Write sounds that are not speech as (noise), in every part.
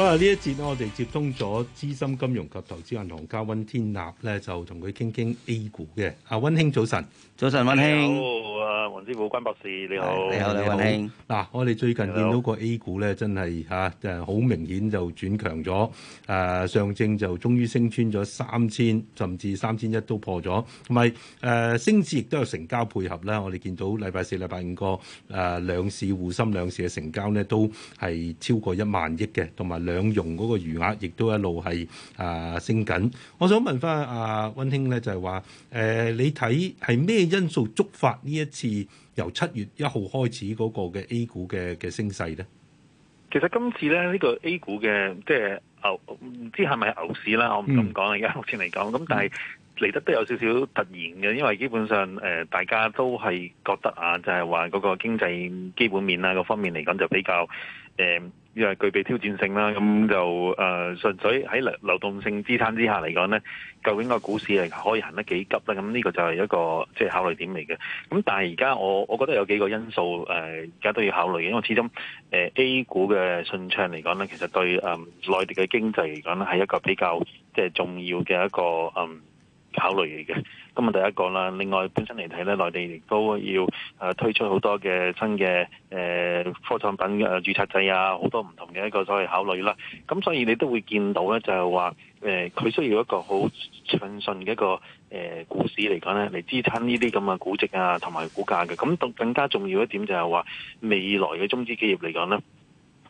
好啊，呢一節咧，我哋接通咗資深金融及投資銀行家溫天納咧，就同佢傾傾 A 股嘅。阿溫兄，早晨，早晨溫兄。好，阿黃師傅，關博士你好，你，好你好。你好，你好溫兄。嗱，我哋最近見到個 A 股咧，真係吓，誒好明顯就轉強咗。誒，上證就終於升穿咗三千，甚至三千一都破咗。同埋誒，升市亦都有成交配合啦。我哋見到禮拜四、禮拜五個誒兩市滬深兩市嘅成交呢，都係超過一萬億嘅，同埋兩融嗰個餘額亦都一路係啊升緊，我想問翻阿温兄咧，就係話誒，你睇係咩因素觸發呢一次由七月一號開始嗰個嘅 A 股嘅嘅升勢咧？其實今次咧呢個 A 股嘅即係牛唔知係咪牛市啦？我唔敢講，而家目前嚟講，咁但係嚟得都有少少突然嘅，因為基本上誒大家都係覺得啊，就係話嗰個經濟基本面啊嗰方面嚟講就比較誒。係具備挑戰性啦，咁就誒純粹喺流動性支撐之下嚟講呢，究竟個股市可以行得幾急呢？咁呢個就係一個即係、就是、考慮點嚟嘅。咁但係而家我我覺得有幾個因素誒，而、呃、家都要考慮嘅，因為始終誒、呃、A 股嘅順暢嚟講呢，其實對誒、呃、內地嘅經濟嚟講呢，係一個比較即係、就是、重要嘅一個嗯、呃考慮嚟嘅，咁啊第一個啦，另外本身嚟睇咧，內地亦都要推出好多嘅新嘅誒、呃、科創品嘅註冊制啊，好多唔同嘅一個所謂考慮啦。咁所以你都會見到咧，就係話佢需要一個好暢順嘅一個誒、呃、股市嚟講咧，嚟支撐呢啲咁嘅估值啊，同埋股價嘅。咁更更加重要一點就係話未來嘅中資企業嚟講咧。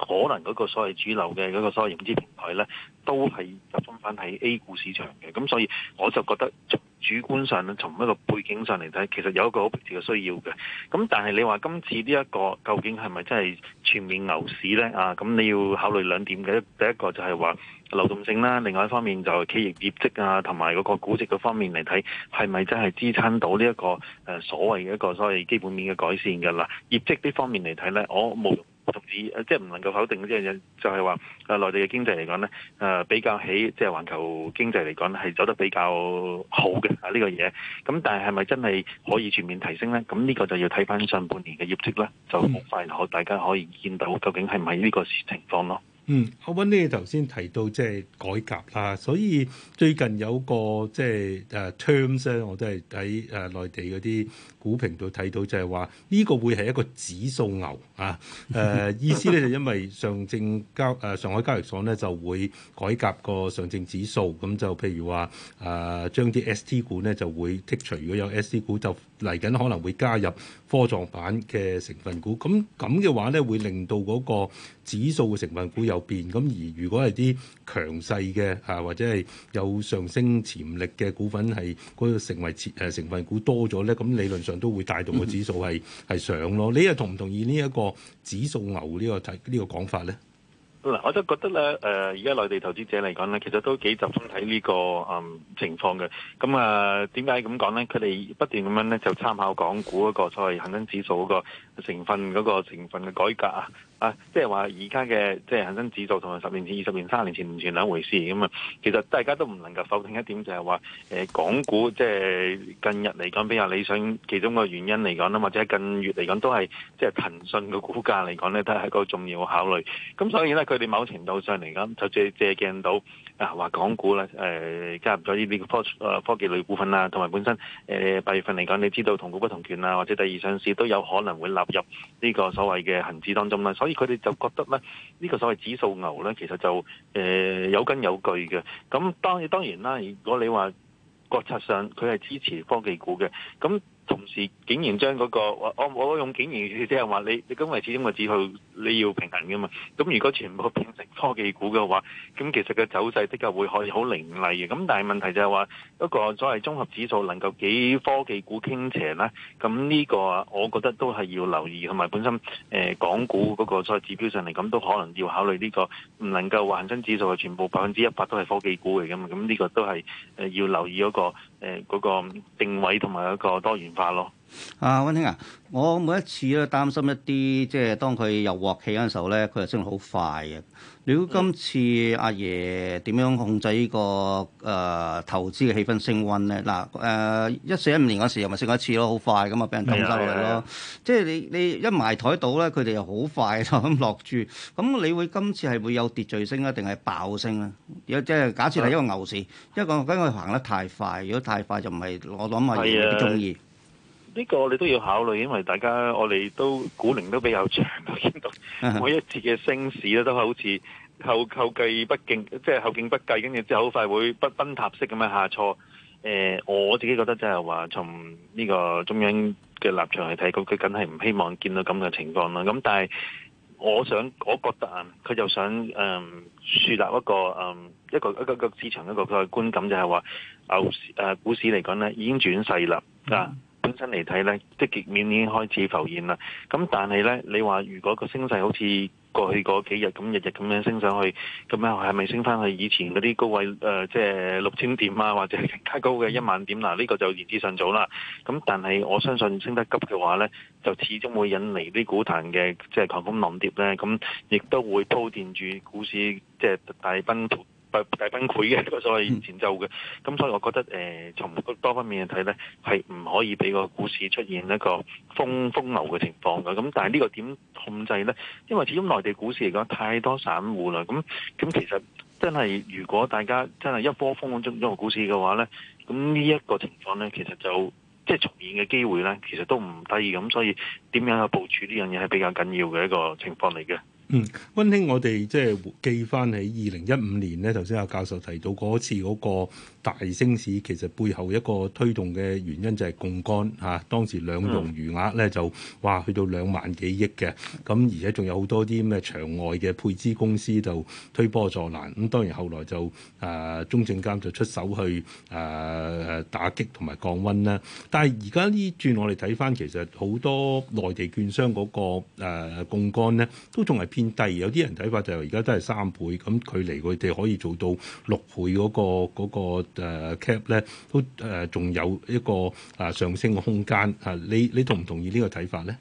可能嗰個所謂主流嘅嗰個所謂融資平台呢，都係集中翻喺 A 股市場嘅。咁所以我就覺得就主觀上咧，從一個背景上嚟睇，其實有一個好迫切嘅需要嘅。咁但係你話今次呢、這、一個究竟係咪真係全面牛市呢？啊，咁你要考慮兩點嘅。第一個就係話流動性啦，另外一方面就係企業業績啊，同埋嗰個估值嗰方面嚟睇，係咪真係支撐到呢、這、一個、呃、所謂嘅一個所謂基本面嘅改善㗎啦？業績呢方面嚟睇呢，我冇。甚至即係唔能夠否定呢一樣嘢，就係、是、話內地嘅經濟嚟講咧，誒、呃、比較起即係環球經濟嚟講，係走得比較好嘅啊！呢、這個嘢，咁但係係咪真係可以全面提升咧？咁呢個就要睇翻上半年嘅業績啦，就好快可大家可以見到究竟係唔係呢個情況咯。嗯，阿溫呢？頭先提到即係改革啦，所以最近有個即係誒 terms 咧，就是 uh, Term s, 我都係喺誒內地嗰啲股評度睇到就，就係話呢個會係一個指數牛啊！誒、uh, (laughs) 意思咧就因為上證交誒、uh, 上海交易所咧就會改革個上證指數，咁就譬如話誒、uh, 將啲 ST 股咧就會剔除，如果有 ST 股就嚟緊可能會加入科創板嘅成分股，咁咁嘅話咧會令到嗰個指數嘅成分股有邊咁而，如果係啲強勢嘅或者係有上升潛力嘅股份係嗰個成為成成分股多咗咧，咁理論上都會帶動個指數係係上咯。你又同唔同意呢一個指數牛呢個睇，呢個講法咧？嗱，我都覺得咧，誒，而家內地投資者嚟講咧，其實都幾集中睇呃呃呢個誒情況嘅。咁啊，點解咁講咧？佢哋不斷咁樣咧就參考港股嗰個所謂恒生指數嗰個。成分嗰、那個成分嘅改革啊，啊，即係話而家嘅即係恆生指數同埋十年前、二十年、三十年前完全兩回事咁啊。其實大家都唔能夠否定一點就是說、欸，就係話誒港股即係近日嚟講，比較理想，其中個原因嚟講啦，或者近月嚟講都係即係騰訊嘅股價嚟講咧，都係一個重要嘅考慮。咁所以呢，佢哋某程度上嚟講，就借借鏡到啊話港股咧誒、欸、加入咗呢啲科科技類股份啊，同埋本身誒八、欸、月份嚟講，你知道同股不同權啊，或者第二上市都有可能會立。入呢個所謂嘅恆指當中啦，所以佢哋就覺得咧，呢、這個所謂指數牛咧，其實就誒、呃、有根有據嘅。咁當然當然啦，如果你話國策上佢係支持科技股嘅，咁同時竟然將嗰、那個我我我用竟然即係話你你，因為始終個指數你要平衡噶嘛，咁如果全部變成科技股嘅話，咁其實嘅走勢的確會可以好凌厲嘅。咁但係問題就係話一個所謂綜合指數能夠幾科技股傾斜呢？咁呢個我覺得都係要留意，同埋本身誒、呃、港股嗰個所謂指標上嚟，咁都可能要考慮呢個唔能夠恒生指數係全部百分之一百都係科技股嚟噶嘛。咁呢個都係誒要留意嗰、那個誒、呃那個定位同埋一個多元化咯。阿溫、啊、馨啊，我每一次咧擔心一啲，即係當佢又鑊氣嗰陣時候咧，佢係升得好快嘅。如果今次阿爺點樣控制呢、這個誒、呃、投資嘅氣氛升溫咧？嗱、啊，誒一四一五年嗰時候又咪升過一次很的咯，好快咁啊，俾人凍收落嚟咯。即係你你一埋台到咧，佢哋又好快咁落注。咁你會今次係會有秩序升咧，定係爆升咧？如果即係假設係一個牛市，一個呀因為佢行得太快，如果太快就唔係我諗下，阿爺唔中意。呢個我哋都要考慮，因為大家我哋都股齡都比較長，我見到每一次嘅升市咧都好似後 (laughs) 後繼不勁，即係後勁不繼，跟住之後好快會不崩塌式咁樣下挫。誒、呃，我自己覺得即係話從呢個中央嘅立場嚟睇，咁佢梗係唔希望見到咁嘅情況啦。咁但係我想，我覺得啊，佢就想誒樹、呃、立一個誒、呃、一個一個一個市場一個一個觀感，就係、是、話牛市誒、呃、股市嚟講咧已經轉勢啦。 (laughs) 嗯本身嚟睇呢，即係積極面已經開始浮現啦。咁但係呢，你話如果個升勢好似過去嗰幾日咁日日咁樣升上去，咁樣係咪升翻去以前嗰啲高位？即係六千點啊，或者更加高嘅一萬點啦，呢個就言之尚早啦。咁但係我相信升得急嘅話呢，就始終會引嚟啲股壇嘅即係狂風浪跌呢，咁亦都會鋪墊住股市即係、就是、大崩大崩潰嘅呢個所謂前奏嘅，咁所以我覺得誒、呃，從多方面去睇咧，係唔可以俾個股市出現一個風流嘅情況嘅。咁但係呢個點控制咧？因為始終內地股市嚟講太多散戶啦。咁咁其實真係如果大家真係一波風中中個股市嘅話咧，咁呢、就是、呢一個情況咧，其實就即係重演嘅機會咧，其實都唔低咁。所以點樣去部署呢樣嘢係比較緊要嘅一個情況嚟嘅。嗯，溫兄，我哋即係記翻起二零一五年呢，頭先阿教授提到嗰次嗰個大升市，其實背後一個推動嘅原因就係槓杆吓，當時兩融餘額咧就哇去到兩萬幾億嘅，咁、啊、而且仲有好多啲咩場外嘅配資公司就推波助瀾，咁、啊、當然後來就誒、啊、中證監就出手去誒、啊、打擊同埋降温啦、啊。但係而家呢轉我哋睇翻，其實好多內地券商嗰、那個誒槓杆、啊、呢咧，都仲係偏。有啲人睇法就係而家都係三倍，咁距離佢哋可以做到六倍嗰、那個嗰、那個、cap 咧，都誒仲、呃、有一個啊上升嘅空間啊！你你同唔同意呢個睇法呢？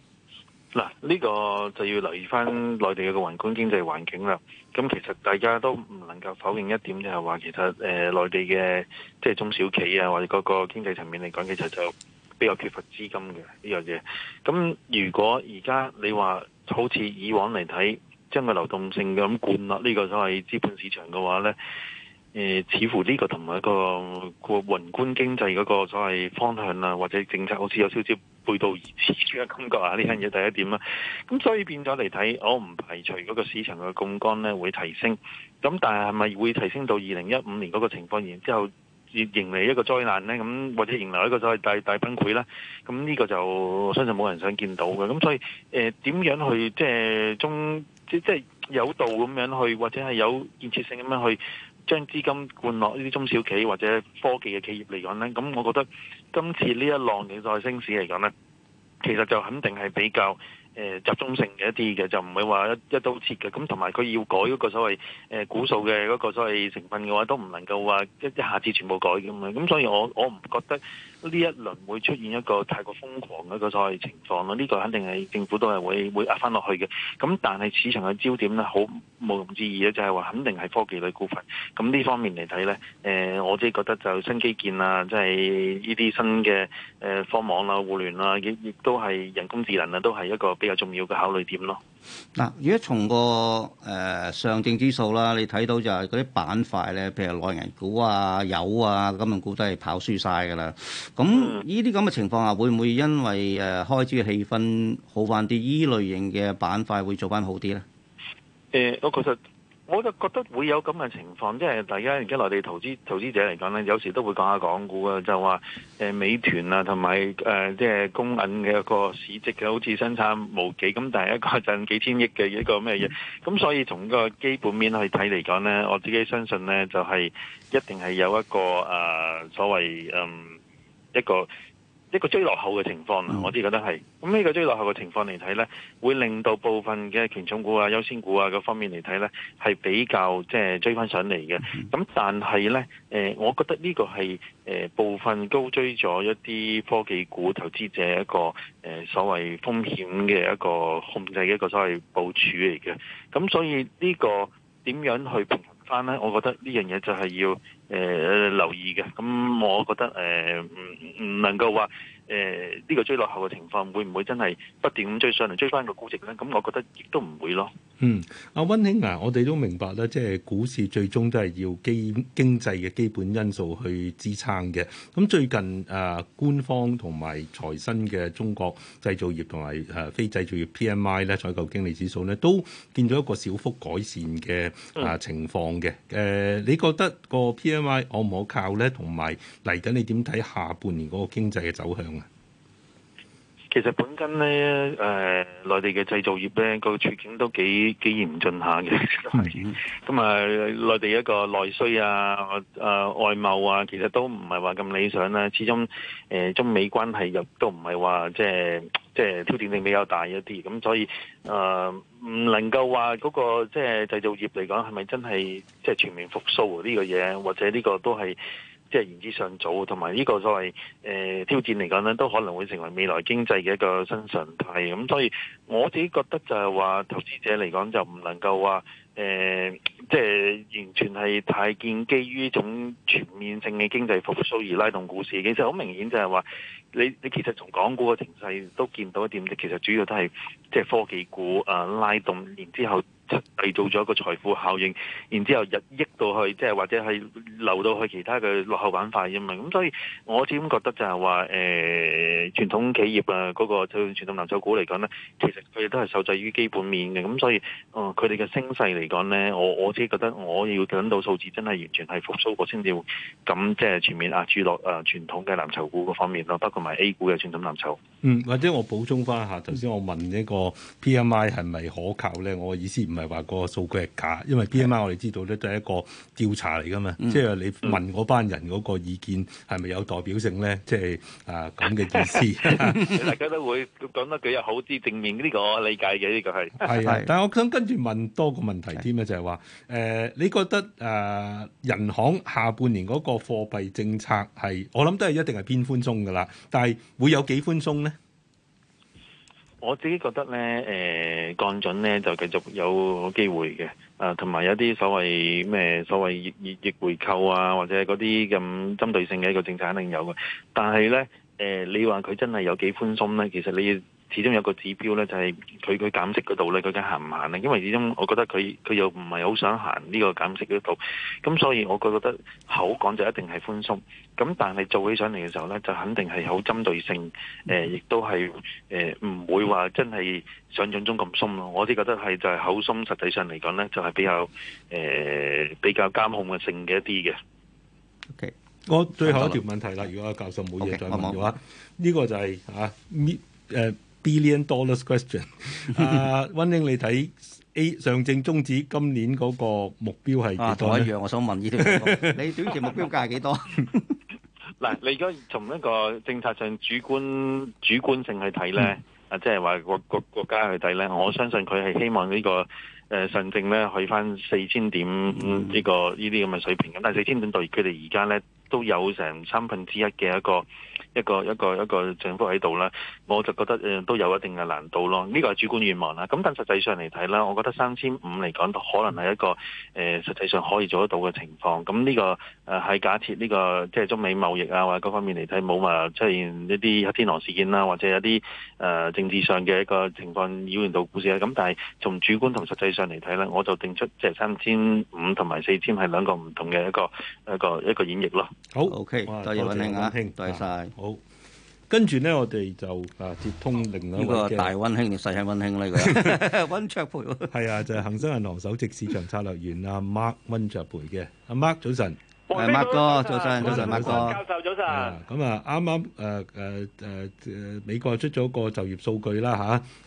嗱、啊，呢、這個就要留意返內地嘅個宏觀經濟環境啦。咁其實大家都唔能夠否認一點就是說，就係話其實誒、呃、內地嘅即係中小企啊，或者嗰個經濟層面嚟講，其實就比較缺乏資金嘅呢樣嘢。咁、這個、如果而家你話好似以往嚟睇，將個流動性咁灌落呢個所謂資本市場嘅話呢，誒、呃、似乎呢個同埋一個一個宏觀經濟嗰個所謂方向啊，或者政策好似有少少背道而馳嘅感覺啊，呢樣嘢第一點啦、啊。咁所以變咗嚟睇，我唔排除嗰個市場嘅槓桿呢會提升，咁但係係咪會提升到二零一五年嗰個情況，然之後迎嚟一個災難呢？咁或者迎嚟一個所謂大大崩潰呢？咁呢個就相信冇人想見到嘅。咁所以誒點、呃、樣去即係、就是、中？即即係有道咁樣去，或者係有建設性咁樣去將資金灌落呢啲中小企或者科技嘅企業嚟講呢。咁我覺得今次呢一浪嘅再升市嚟講呢，其實就肯定係比較、呃、集中性嘅一啲嘅，就唔會話一一刀切嘅。咁同埋佢要改嗰個所謂誒股數嘅嗰個所謂成分嘅話，都唔能夠話一一下子全部改咁樣。咁所以我我唔覺得，呢一輪會出現一個太過瘋狂嘅一個所謂情況咯，呢、這個肯定係政府都係會會壓翻落去嘅。咁但係市場嘅焦點咧，好毋庸置疑咧，就係、是、話肯定係科技類股份。咁呢方面嚟睇咧，誒、呃，我即係覺得就新基建啊，即係呢啲新嘅誒，科、呃、網啦、互聯啦，亦亦都係人工智能啊，都係一個比較重要嘅考慮點咯。嗱，如果從個誒、呃、上證指數啦，你睇到就係嗰啲板塊咧，譬如內銀股啊、油啊、金融股都係跑輸晒噶啦。咁呢啲咁嘅情況下，會唔會因為誒開市嘅氣氛好翻啲，呢類型嘅板塊會做翻好啲咧？誒、呃，我其實。我就覺得會有咁嘅情況，即係大家而家內地投資投資者嚟講呢，有時都會講下港股就說、呃、美團啊，呃、就話美團啊，同埋誒即係公銀嘅一個市值嘅，好似相差無幾咁，但係一個賺幾千億嘅一個咩嘢，咁、嗯、所以從個基本面去睇嚟講呢，我自己相信呢，就係、是、一定係有一個誒、呃、所謂嗯、呃、一個。一個追落後嘅情況，我哋覺得係咁，呢個追落後嘅情況嚟睇呢，會令到部分嘅權重股啊、優先股啊嗰方面嚟睇呢，係比較即係、就是、追翻上嚟嘅。咁但係呢、呃，我覺得呢個係、呃、部分高追咗一啲科技股投資者一個誒、呃、所謂風險嘅一個控制嘅一個所謂部署嚟嘅。咁所以呢個點樣去？我覺得呢樣嘢就係要誒、呃、留意嘅。咁、嗯、我覺得誒唔唔能夠話。誒呢個追落後嘅情況會唔會真係不斷咁追上嚟追翻個估值咧？咁我覺得亦都唔會咯。嗯，阿溫兄啊，我哋都明白咧，即係股市最終都係要基經濟嘅基本因素去支撐嘅。咁最近啊、呃，官方同埋財新嘅中國製造業同埋誒非製造業 P M I 咧採購經理指數咧，都見到一個小幅改善嘅啊情況嘅。誒、呃嗯呃，你覺得個 P M I 可唔可靠咧？同埋嚟緊你點睇下半年嗰個經濟嘅走向呢？其實本身咧，誒，內地嘅製造業咧個處境都幾幾嚴峻下嘅，咁啊，內地一個內需啊，誒，外貿啊，其實都唔係話咁理想啦。始終，誒，中美關係又都唔係話即係即係挑戰性比較大一啲，咁所以，誒，唔能夠話嗰個即係製造業嚟講係咪真係即係全面復甦呢個嘢，或者呢個都係。即係言之尚早，同埋呢個所謂誒、呃、挑戰嚟講呢都可能會成為未來經濟嘅一個新常態。咁、嗯、所以我自己覺得就係話，投資者嚟講就唔能夠話誒，即、呃、係、就是、完全係太建基於一種全面性嘅經濟復甦而拉動股市。其實好明顯就係話，你你其實從港股嘅情勢都見到一點，其實主要都係即係科技股啊拉動，然之後，製做咗個財富效應，然之後日溢到去，即係或者係流到去其他嘅落後板塊啫嘛。咁、嗯所，呃、所以，我始終覺得就係話，誒傳統企業啊，嗰個對傳統藍籌股嚟講咧，其實佢哋都係受制於基本面嘅。咁所以，佢哋嘅升勢嚟講咧，我我自己覺得我要揾到數字，真係完全係復甦過先至，咁即係全面壓住落誒傳統嘅藍籌股嗰方面咯。包括埋 A 股嘅傳統藍籌，嗯，或者我補充翻下，頭先我問呢個 P M I 係咪可靠咧？我意思唔～係話個數據係假，因為 PMI 我哋知道咧，都係一個調查嚟噶嘛，的即係你問嗰班人嗰個意見係咪有代表性咧？即、就、係、是、啊咁嘅意思， (laughs) (laughs) 大家都會講得佢有好啲正面呢個理解嘅呢、這個係。係啊的，的但係我想跟住問多個問題添咧，的就係話誒，你覺得誒，銀、呃、行下半年嗰個貨幣政策係我諗都係一定係偏寬鬆噶啦，但係會有幾寬鬆咧？我自己覺得咧，誒、呃、降準咧就繼續有機會嘅，啊同埋有啲所謂咩所謂逆，逆回購啊，或者嗰啲咁針對性嘅一個政策肯定有嘅，但係咧，誒、呃、你話佢真係有幾寬鬆咧，其實你。始終有個指標咧，就係佢佢減息嗰度咧，究竟行唔行咧？因為始終我覺得佢佢又唔係好想行呢個減息嗰度，咁所以我覺得口講就一定係寬鬆，咁但係做起上嚟嘅時候咧，就肯定係好針對性，亦、呃、都係誒唔會話真係想像中咁鬆咯。我啲覺得係就係口鬆，實際上嚟講咧，就係比較誒、呃、比較監控嘅性嘅一啲嘅。OK，我最後一條問題啦，okay, 如果阿教授冇嘢再問嘅話，呢 okay, okay. 個就係、是、啊，Billion dollars question，阿溫、uh, 英你睇 A 上證綜指今年嗰個目標係啊，幾多？一樣，我想問呢啲，你短期目標價係幾多？嗱，你而家從一個政策上主觀主觀性去睇咧，啊、嗯，即係話個個國家去睇咧，我相信佢係希望呢、這個誒、呃、上證咧去返四千點呢、嗯嗯這個呢啲咁嘅水平。咁但係四千點對佢哋而家咧都有成三分之一嘅一個。一個一個一個政府喺度啦，我就覺得誒、呃、都有一定嘅難度咯。呢個係主觀願望啦。咁但實際上嚟睇啦，我覺得三千五嚟講，可能係一個誒、呃、實際上可以做得到嘅情況。咁呢個誒係假設呢、呢個即係中美貿易啊，或者各方面嚟睇冇話出現一啲黑天鵝事件啦，或者有啲誒政治上嘅一個情況擾亂到股市啦。咁但係從主觀同實際上嚟睇咧，我就定出即係三千五同埋四千係兩個唔同嘅一個一個一個演繹咯。好，OK，多哇謝阿謝兄，多謝曬。跟住咧，我哋就啊接通另外一個，個大温馨定細温馨咧，個温 (laughs) (laughs) 灼培。係啊，就係、是、恒生銀行首席市場策略員阿、 (laughs) 啊、Mark 温灼培嘅阿 Mark 早晨。誒，麥哥，早晨，早晨，麥哥，教授，早晨。咁啊，啱啱誒誒誒，美國出咗個就業數據啦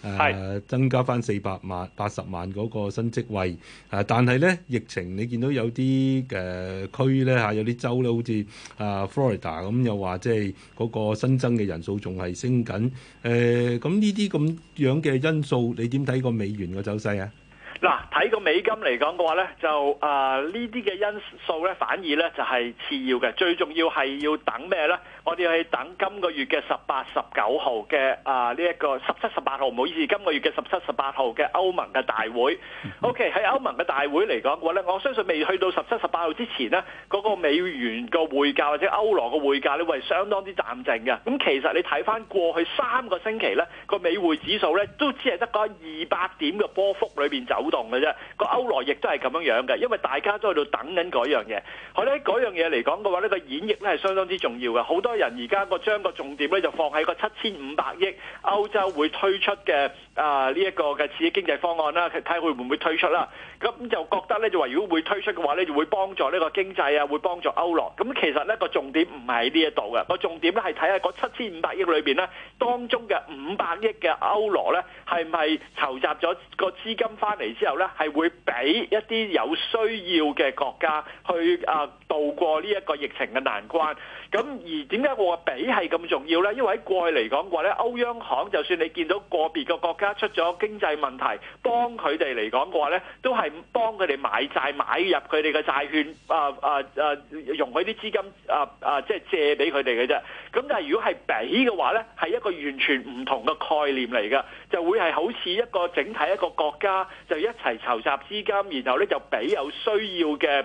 吓，誒、啊、是增加翻四百八十萬嗰個新職位。誒、啊，但係咧，疫情你見到有啲誒、啊、區咧吓，有啲州咧，好似啊 Florida 咁、啊，又話即係嗰個新增嘅人數仲係升緊。誒、啊，咁呢啲咁樣嘅因素，你點睇個美元嘅走勢啊？嗱，睇個美金嚟講嘅話咧，就啊呢啲嘅因素咧，反而咧就係次要嘅，最重要係要等咩咧？我哋去等今個月嘅十八、十九號嘅啊呢一個十七、十八號，唔好意思，今個月嘅十七、十八號嘅歐盟嘅大會。OK，喺歐盟嘅大會嚟講嘅話咧，我相信未去到十七、十八號之前咧，嗰個美元個匯價或者歐羅嘅匯價咧，會係相當之淡靜嘅。咁其實你睇翻過去三個星期咧，個美匯指數咧，都只係得個二百點嘅波幅裏邊走。動嘅啫，個歐羅亦都係咁樣樣嘅，因為大家都喺度等緊嗰樣嘢。後咧嗰樣嘢嚟講嘅話咧，呢個演繹咧係相當之重要嘅。好多人而家個將個重點咧就放喺個七千五百億歐洲會推出嘅啊呢一個嘅刺激經濟方案啦，其實睇會會唔會推出啦。咁就覺得咧就話如果會推出嘅話咧，就會幫助呢個經濟啊，會幫助歐羅。咁其實咧個重點唔係呢一度嘅，個重點咧係睇下嗰七千五百億裏邊咧當中嘅五百億嘅歐羅咧係唔係籌集咗個資金翻嚟。之後咧，係會俾一啲有需要嘅國家去啊渡過呢一個疫情嘅難關。咁而點解我話俾係咁重要咧？因為喺過去嚟講嘅話咧，歐央行就算你見到個別個國家出咗經濟問題，幫佢哋嚟講嘅話咧，都係幫佢哋買債、買入佢哋嘅債券啊啊啊，用佢啲資金啊啊，即係借俾佢哋嘅啫。咁但係如果係俾嘅話咧，係一個完全唔同嘅概念嚟嘅，就會係好似一個整體一個國家就一。一齊籌集資金，然後咧就俾有需要嘅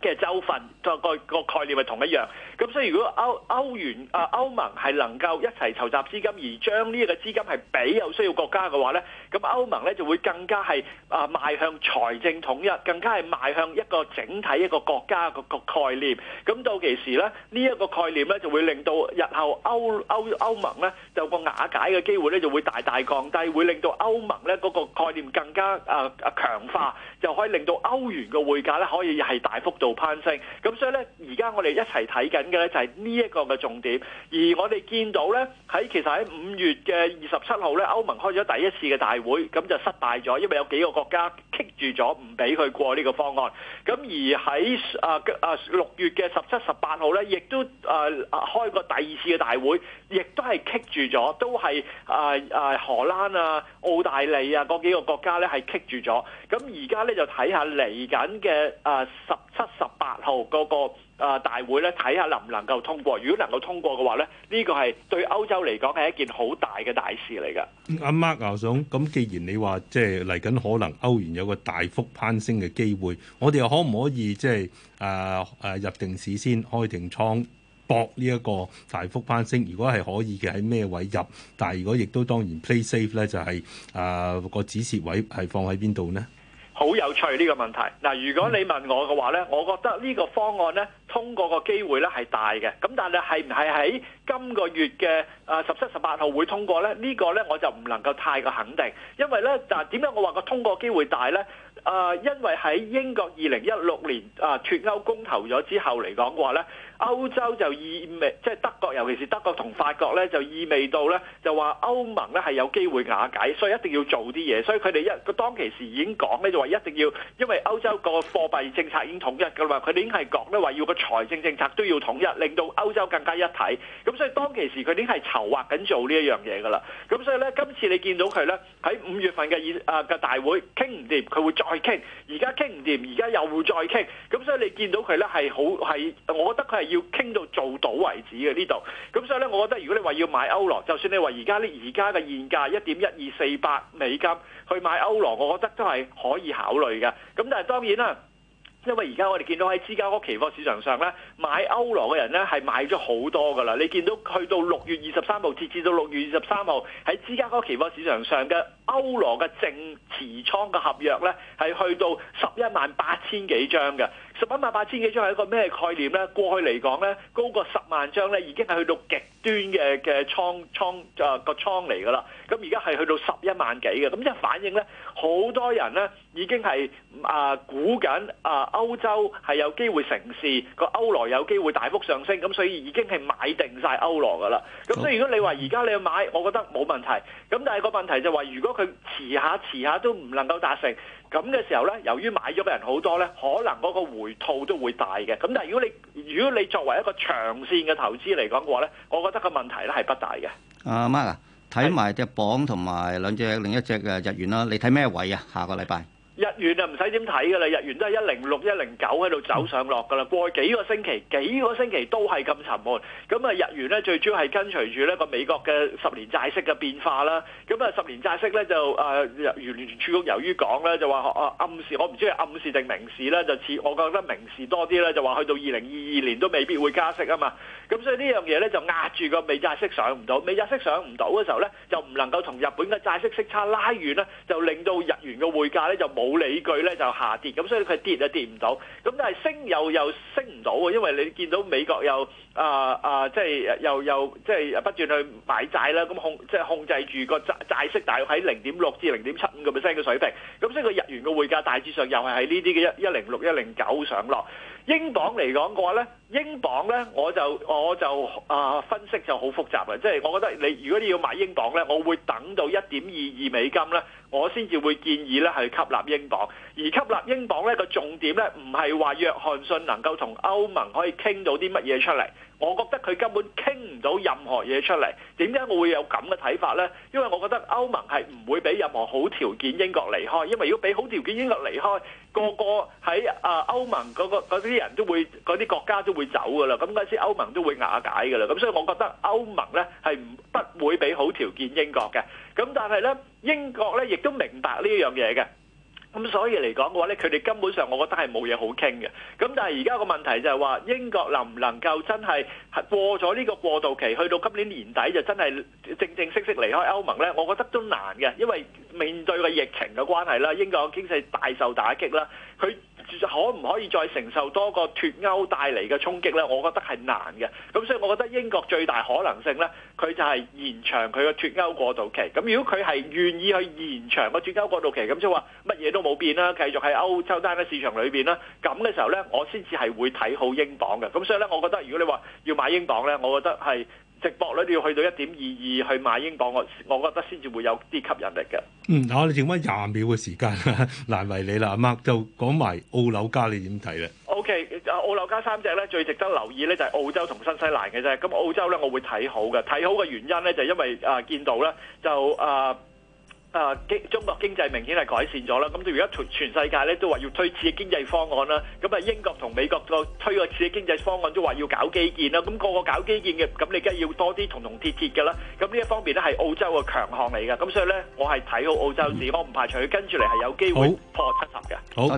嘅州份，個個個概念係同一樣。咁所以如果歐歐元啊歐盟係能夠一齊籌集資金，而將呢個資金係俾有需要的國家嘅話咧。咁歐盟咧就會更加係啊，邁向財政統一，更加係邁向一個整體一個國家一個概念。咁到其時咧，呢一個概念咧就會令到日後歐歐歐，歐盟咧就個瓦解嘅機會咧就會大大降低，會令到歐盟咧嗰個概念更加啊啊強化，就可以令到歐元嘅匯價咧可以係大幅度攀升。咁所以咧，而家我哋一齊睇緊嘅咧就係呢一個嘅重點。而我哋見到咧喺其實喺五月嘅二十七號咧，歐盟開咗第一次嘅大會會咁就失敗咗，因為有幾個國家棘住咗，唔俾佢過呢個方案。咁而喺啊六月嘅十七、十八號咧，亦都啊開過第二次嘅大會，亦都係棘住咗，都係荷蘭啊、澳大利亞啊嗰幾個國家咧係棘住咗。咁而家咧就睇下嚟緊嘅啊十七、十八號嗰個。啊！大會咧睇下能唔能夠通過，如果能夠通過嘅話咧，呢、這個係對歐洲嚟講係一件好大嘅大事嚟㗎。阿、啊、Mark，牛總，咁既然你話即係嚟緊可能歐元有個大幅攀升嘅機會，我哋又可唔可以即係、就是、啊啊入定市先開定倉博呢一個大幅攀升？如果係可以嘅，喺咩位入？但係如果亦都當然 play safe 咧，就係、是、啊、那個止蝕位係放喺邊度呢？好有趣呢個問題。嗱，如果你問我嘅話呢，我覺得呢個方案呢，通過個機會呢係大嘅。咁但係係唔係喺今個月嘅啊十七、十八號會通過呢？呢個呢，我就唔能夠太過肯定，因為呢，但點解我話個通過機會大呢？啊、呃，因為喺英國二零一六年啊脫歐公投咗之後嚟講嘅話呢。歐洲就意味即係德國，尤其是德國同法國咧，就意味到咧就話歐盟咧係有機會瓦解，所以一定要做啲嘢。所以佢哋一個當其時已經講咧，就話、是、一定要，因為歐洲個貨幣政策已經統一噶啦嘛，佢哋已經係講咧話要個財政政策都要統一，令到歐洲更加一體。咁所以當其時佢已經係籌劃緊做呢一樣嘢噶啦。咁所以咧，今次你見到佢咧喺五月份嘅二嘅大會傾唔掂，佢會再傾。而家傾唔掂，而家又會再傾。咁所以你見到佢咧係好係，我覺得佢係。要傾到做到為止嘅呢度，咁所以呢，我覺得如果你話要買歐羅，就算你話而家呢，而家嘅現價一點一二四八美金去買歐羅，我覺得都係可以考慮嘅。咁但係當然啦，因為而家我哋見到喺芝加哥期貨市場上呢，買歐羅嘅人呢係買咗好多噶啦。你見到去到六月二十三號，直至到六月二十三號喺芝加哥期貨市場上嘅歐羅嘅淨持倉嘅合約呢，係去到十一萬八千幾張嘅。十一萬八千幾張係一個咩概念呢？過去嚟講呢，高過十萬張呢已經係去到極端嘅嘅倉倉啊個倉嚟㗎啦。咁而家係去到十一萬幾嘅，咁即係反映呢，好多人呢已經係啊、呃、估緊啊歐洲係有機會成事，個歐羅有機會大幅上升，咁所以已經係買定晒歐羅㗎啦。咁所以如果你話而家你要買，我覺得冇問題。咁但係個問題就係話，如果佢遲下遲下都唔能夠達成。咁嘅時候咧，由於買咗嘅人好多咧，可能嗰個回吐都會大嘅。咁但係如果你如果你作為一個長線嘅投資嚟講嘅話咧，我覺得個問題咧係不大嘅。阿、uh, Mark 睇埋隻磅同埋兩隻另一隻嘅日元啦，你睇咩位啊？下個禮拜。日元啊，唔使點睇噶啦，日元都係一零六、一零九喺度走上落噶啦。過去幾個星期、幾個星期都係咁沉悶。咁啊，日元咧最主要係跟隨住呢個美國嘅十年債息嘅變化啦。咁啊，十年債息咧就誒，聯儲局由於講咧就話啊，暗示我唔知係暗示定明示咧，就似我覺得明示多啲咧，就話去到二零二二年都未必會加息啊嘛。咁所以呢樣嘢咧就壓住個美債息上唔到，美債息上唔到嘅時候咧，就唔能夠同日本嘅債息息差拉遠咧，就令到日元嘅匯價咧就冇冇理據咧就下跌，咁所以佢跌就跌唔到，咁但係升又又升唔到喎，因為你見到美國又。啊啊！即係又又即係不斷去買債啦，咁控即係控制住個債債息，大約喺零點六至零點七五嘅 percent 嘅水平。咁所以個日元嘅匯價大致上又係喺呢啲嘅一一零六一零九上落。英鎊嚟講嘅話咧，英鎊咧我就我就啊分析就好複雜嘅，即係我覺得你如果你要買英鎊咧，我會等到一點二二美金咧，我先至會建議咧係吸納英鎊。而吸納英鎊咧個重點咧唔係話約翰遜能夠同歐盟可以傾到啲乜嘢出嚟。我覺得佢根本傾唔到任何嘢出嚟。點解我會有咁嘅睇法呢？因為我覺得歐盟係唔會俾任何好條件英國離開，因為如果俾好條件英國離開，個個喺啊歐盟嗰啲人都會，嗰啲國家都會走噶啦。咁嗰陣時歐盟都會瓦解噶啦。咁所以我覺得歐盟呢係唔不，不會俾好條件英國嘅。咁但係呢，英國呢亦都明白呢樣嘢嘅。咁所以嚟講嘅話呢，咧，佢哋根本上我覺得係冇嘢好傾嘅。咁但係而家個問題就係話，英國能唔能夠真係係過咗呢個過渡期，去到今年年底就真係正正式式離開歐盟呢？我覺得都難嘅，因為面對個疫情嘅關係啦，英國經濟大受打擊啦。佢可唔可以再承受多個脫歐帶嚟嘅衝擊呢？我覺得係難嘅。咁所以，我覺得英國最大可能性呢，佢就係延長佢嘅脫歐過渡期。咁如果佢係願意去延長個脫歐過渡期，咁即係話乜嘢都冇變啦，繼續喺歐洲單一市場裏面啦。咁嘅時候呢，我先至係會睇好英鎊嘅。咁所以呢，我覺得如果你話要買英鎊呢，我覺得係。直播率你要去到一點二二去買英鎊，我我覺得先至會有啲吸引力嘅。嗯，嗱、啊，你剩翻廿秒嘅時間，難為你啦，阿 m 就講埋澳紐加你點睇咧？OK，澳紐加三隻咧，最值得留意咧就係、是、澳洲同新西蘭嘅啫。咁澳洲咧，我會睇好嘅，睇好嘅原因咧就是、因為啊、呃，見到咧就、呃誒經、啊、中國經濟明顯係改善咗啦，咁到而家全全世界咧都話要推刺激經濟方案啦，咁啊英國同美國個推個刺激經濟方案都話要搞基建啦，咁、那個個搞基建嘅，咁你梗係要多啲銅銅鐵鐵嘅啦，咁呢一方面咧係澳洲嘅強項嚟嘅，咁所以咧我係睇好澳洲市，嗯、我唔排除佢跟住嚟係有機會破七十嘅。